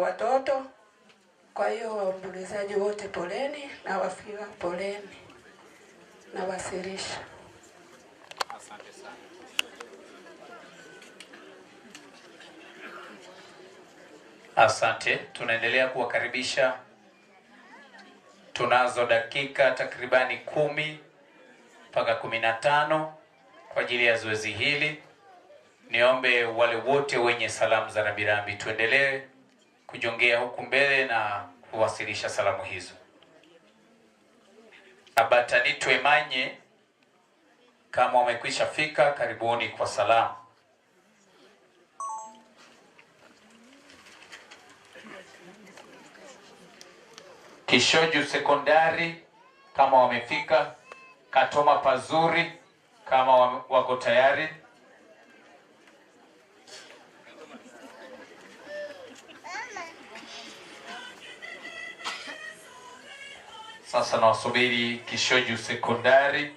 watoto. Kwa hiyo waombolezaji wote poleni, na wafiwa poleni, na wasirisha. Asante sana. Asante, tunaendelea kuwakaribisha. Tunazo dakika takribani kumi mpaka kumi na tano kwa ajili ya zoezi hili. Niombe wale wote wenye salamu za rambirambi tuendelee kujongea huku mbele na kuwasilisha salamu hizo. Abatanitwe manye, kama wamekwisha fika, karibuni kwa salamu. Kishoju sekondari kama wamefika, Katoma pazuri kama wako tayari Sasa nawasubiri Kishoju Sekondari.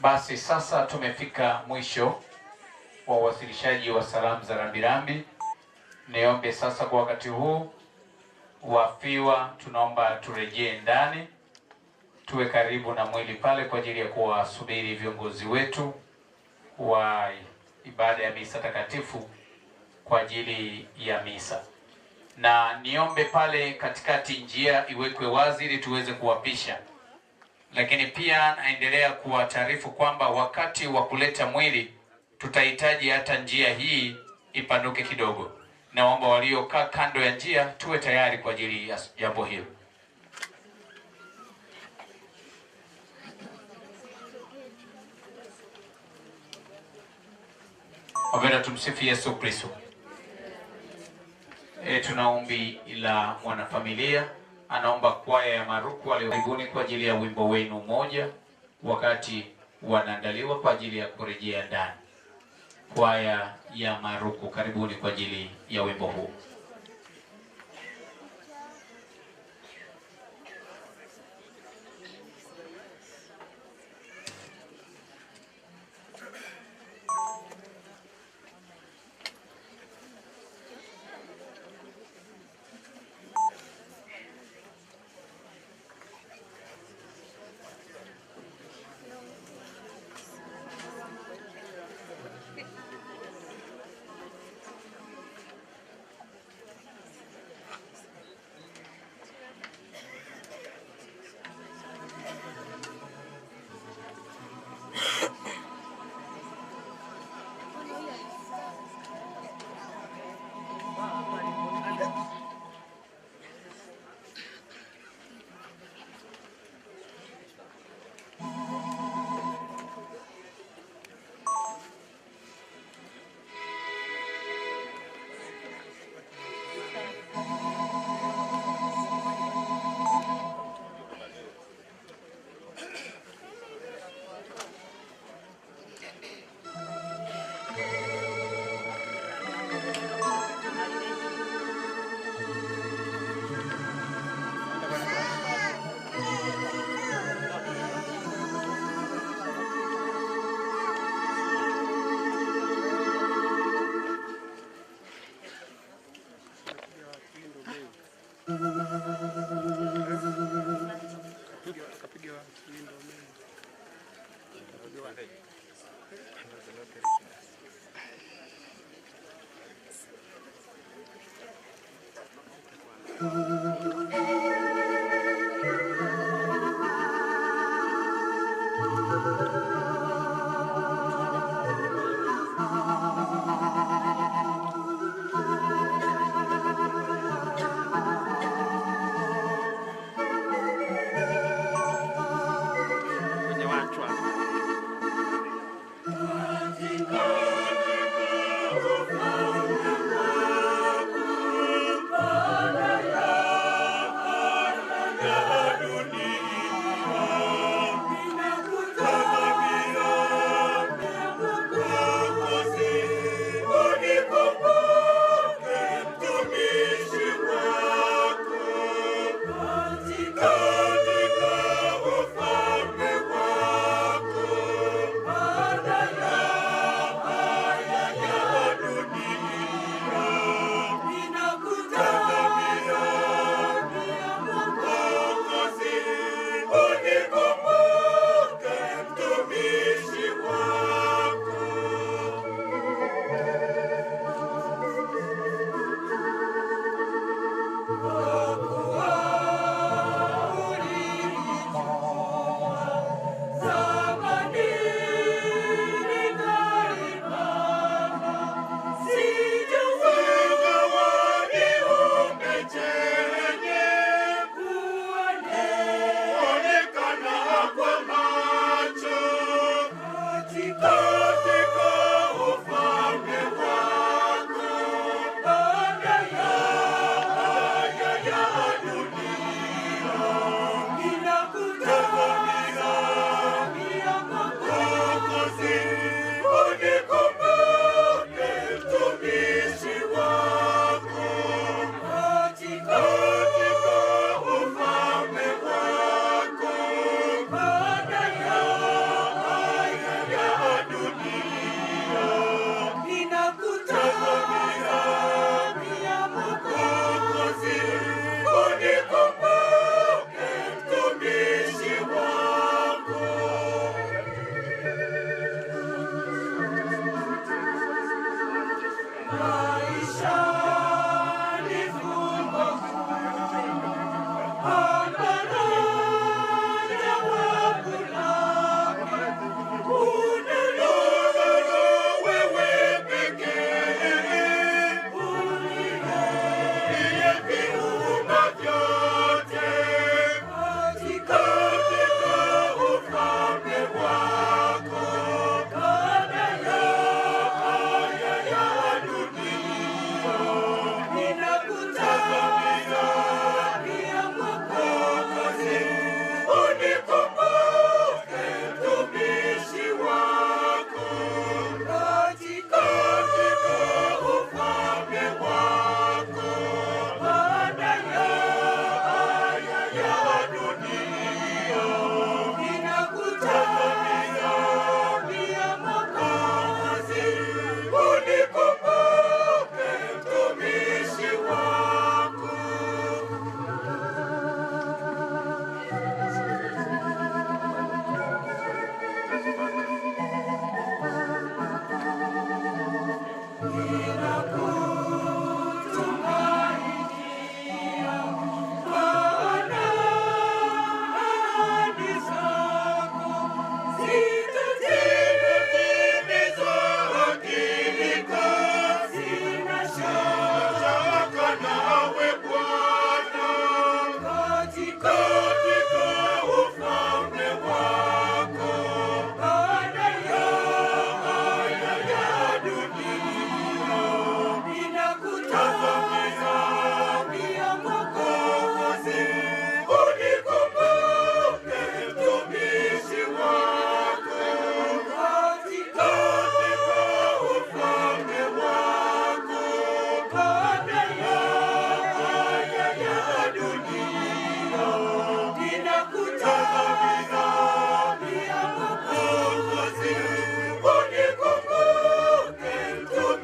Basi sasa tumefika mwisho wa uwasilishaji wa salamu za rambirambi. Niombe sasa kwa wakati huu wafiwa, tunaomba turejee ndani, tuwe karibu na mwili pale kwa ajili ya kuwasubiri viongozi wetu wa ibada ya misa takatifu kwa ajili ya misa, na niombe pale katikati njia iwekwe wazi ili tuweze kuwapisha. Lakini pia naendelea kuwataarifu kwamba wakati wa kuleta mwili tutahitaji hata njia hii ipanuke kidogo naomba waliokaa kando ya njia tuwe tayari kwa ajili ya jambo hilo. Wapendwa, tumsifu Yesu Kristo. E, tuna ombi la mwanafamilia anaomba kwaya ya Maruku waliokaribuni kwa ajili ya wimbo wenu moja wakati wanaandaliwa kwa ajili ya kurejea ndani kwaya ya Maruku. Karibuni kwa ajili ya wimbo huu. Thank you.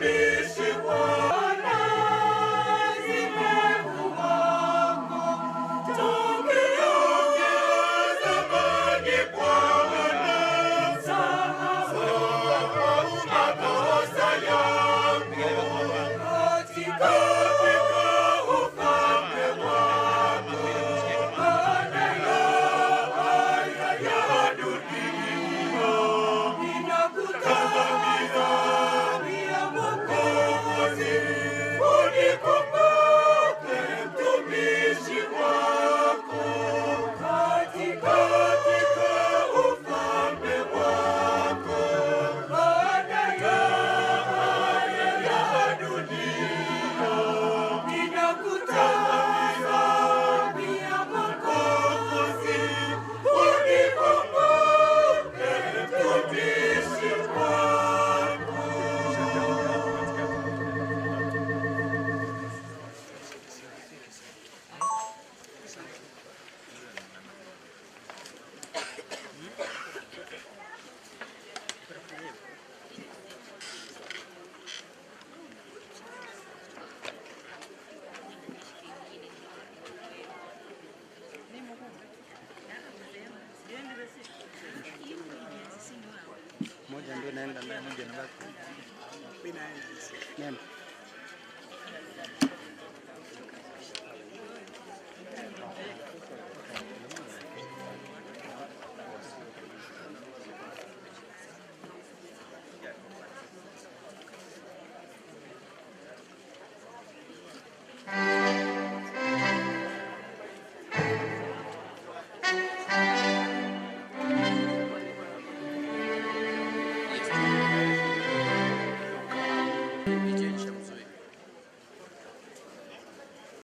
be Nandun na yun,